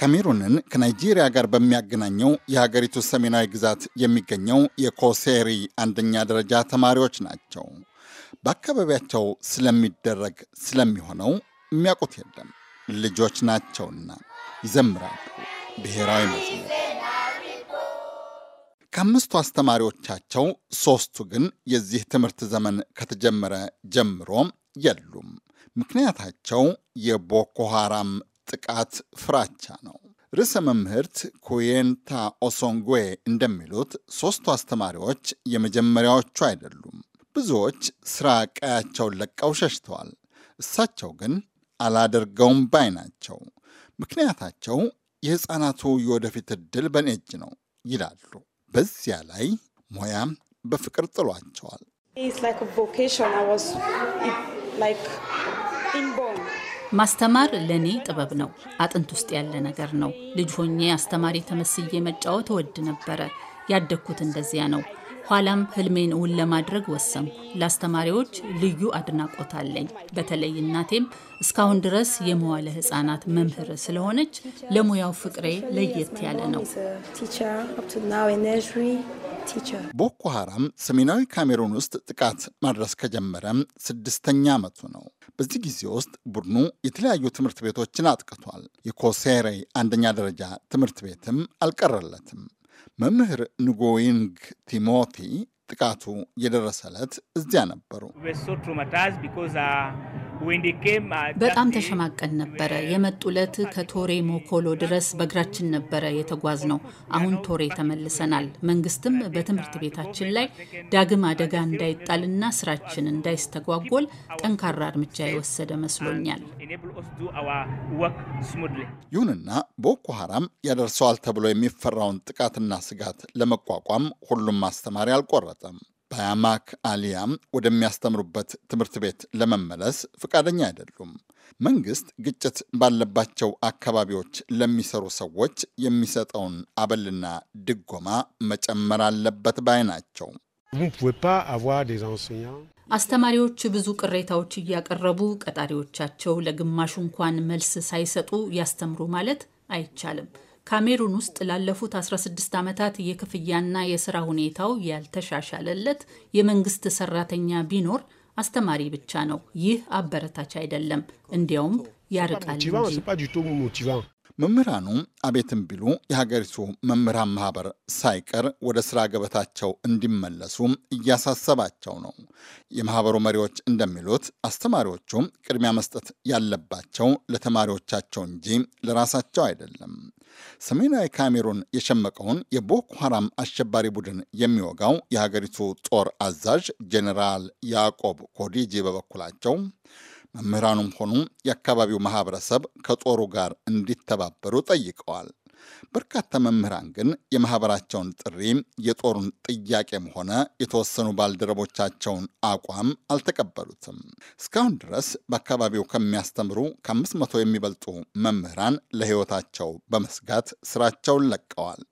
ካሜሩንን ከናይጄሪያ ጋር በሚያገናኘው የሀገሪቱ ሰሜናዊ ግዛት የሚገኘው የኮሴሪ አንደኛ ደረጃ ተማሪዎች ናቸው። በአካባቢያቸው ስለሚደረግ ስለሚሆነው የሚያውቁት የለም። ልጆች ናቸውና ይዘምራሉ ብሔራዊ መዝሙር። ከአምስቱ አስተማሪዎቻቸው ሦስቱ ግን የዚህ ትምህርት ዘመን ከተጀመረ ጀምሮ የሉም። ምክንያታቸው የቦኮ ጥቃት ፍራቻ ነው። ርዕሰ መምህርት ኩዬንታ ኦሶንጉዌ እንደሚሉት ሦስቱ አስተማሪዎች የመጀመሪያዎቹ አይደሉም። ብዙዎች ሥራ ቀያቸውን ለቀው ሸሽተዋል። እሳቸው ግን አላደርገውም ባይ ናቸው። ምክንያታቸው የሕፃናቱ የወደፊት ዕድል በኔ እጅ ነው ይላሉ። በዚያ ላይ ሙያም በፍቅር ጥሏቸዋል። ማስተማር ለእኔ ጥበብ ነው። አጥንት ውስጥ ያለ ነገር ነው። ልጅ ሆኜ አስተማሪ ተመስዬ መጫወት እወድ ነበረ። ያደግኩት እንደዚያ ነው። ኋላም ህልሜን እውን ለማድረግ ወሰንኩ። ለአስተማሪዎች ልዩ አድናቆት አለኝ። በተለይ እናቴም እስካሁን ድረስ የመዋለ ህፃናት መምህር ስለሆነች ለሙያው ፍቅሬ ለየት ያለ ነው። ቦኮ ሰሜናዊ ካሜሩን ውስጥ ጥቃት ማድረስ ከጀመረ ስድስተኛ ዓመቱ ነው። በዚህ ጊዜ ውስጥ ቡድኑ የተለያዩ ትምህርት ቤቶችን አጥቅቷል። የኮሴሬ አንደኛ ደረጃ ትምህርት ቤትም አልቀረለትም። መምህር ንጎዊንግ ቲሞቲ ጥቃቱ የደረሰለት እዚያ ነበሩ። በጣም ተሸማቀን ነበረ። የመጡለት ከቶሬ ሞኮሎ ድረስ በእግራችን ነበረ የተጓዝ ነው። አሁን ቶሬ ተመልሰናል። መንግስትም በትምህርት ቤታችን ላይ ዳግም አደጋ እንዳይጣልና ስራችን እንዳይስተጓጎል ጠንካራ እርምጃ የወሰደ መስሎኛል። ይሁንና ቦኮ ሀራም ያደርሰዋል ተብሎ የሚፈራውን ጥቃትና ስጋት ለመቋቋም ሁሉም ማስተማሪ አልቆረጠም። በያማክ አሊያም ወደሚያስተምሩበት ትምህርት ቤት ለመመለስ ፈቃደኛ አይደሉም። መንግስት ግጭት ባለባቸው አካባቢዎች ለሚሰሩ ሰዎች የሚሰጠውን አበልና ድጎማ መጨመር አለበት ባይ ናቸው። አስተማሪዎች ብዙ ቅሬታዎች እያቀረቡ ቀጣሪዎቻቸው ለግማሹ እንኳን መልስ ሳይሰጡ ያስተምሩ ማለት አይቻልም። ካሜሩን ውስጥ ላለፉት 16 ዓመታት የክፍያና የስራ ሁኔታው ያልተሻሻለለት የመንግስት ሰራተኛ ቢኖር አስተማሪ ብቻ ነው። ይህ አበረታች አይደለም፣ እንዲያውም ያርቃል መምህራኑ አቤትም ቢሉ የሀገሪቱ መምህራን ማህበር ሳይቀር ወደ ስራ ገበታቸው እንዲመለሱ እያሳሰባቸው ነው። የማህበሩ መሪዎች እንደሚሉት አስተማሪዎቹ ቅድሚያ መስጠት ያለባቸው ለተማሪዎቻቸው እንጂ ለራሳቸው አይደለም። ሰሜናዊ ካሜሩን የሸመቀውን የቦኮ ሐራም አሸባሪ ቡድን የሚወጋው የሀገሪቱ ጦር አዛዥ ጄኔራል ያዕቆብ ኮዲጂ በበኩላቸው መምህራኑም ሆኑ የአካባቢው ማህበረሰብ ከጦሩ ጋር እንዲተባበሩ ጠይቀዋል። በርካታ መምህራን ግን የማህበራቸውን ጥሪ፣ የጦሩን ጥያቄም ሆነ የተወሰኑ ባልደረቦቻቸውን አቋም አልተቀበሉትም። እስካሁን ድረስ በአካባቢው ከሚያስተምሩ ከአምስት መቶ የሚበልጡ መምህራን ለሕይወታቸው በመስጋት ስራቸውን ለቀዋል።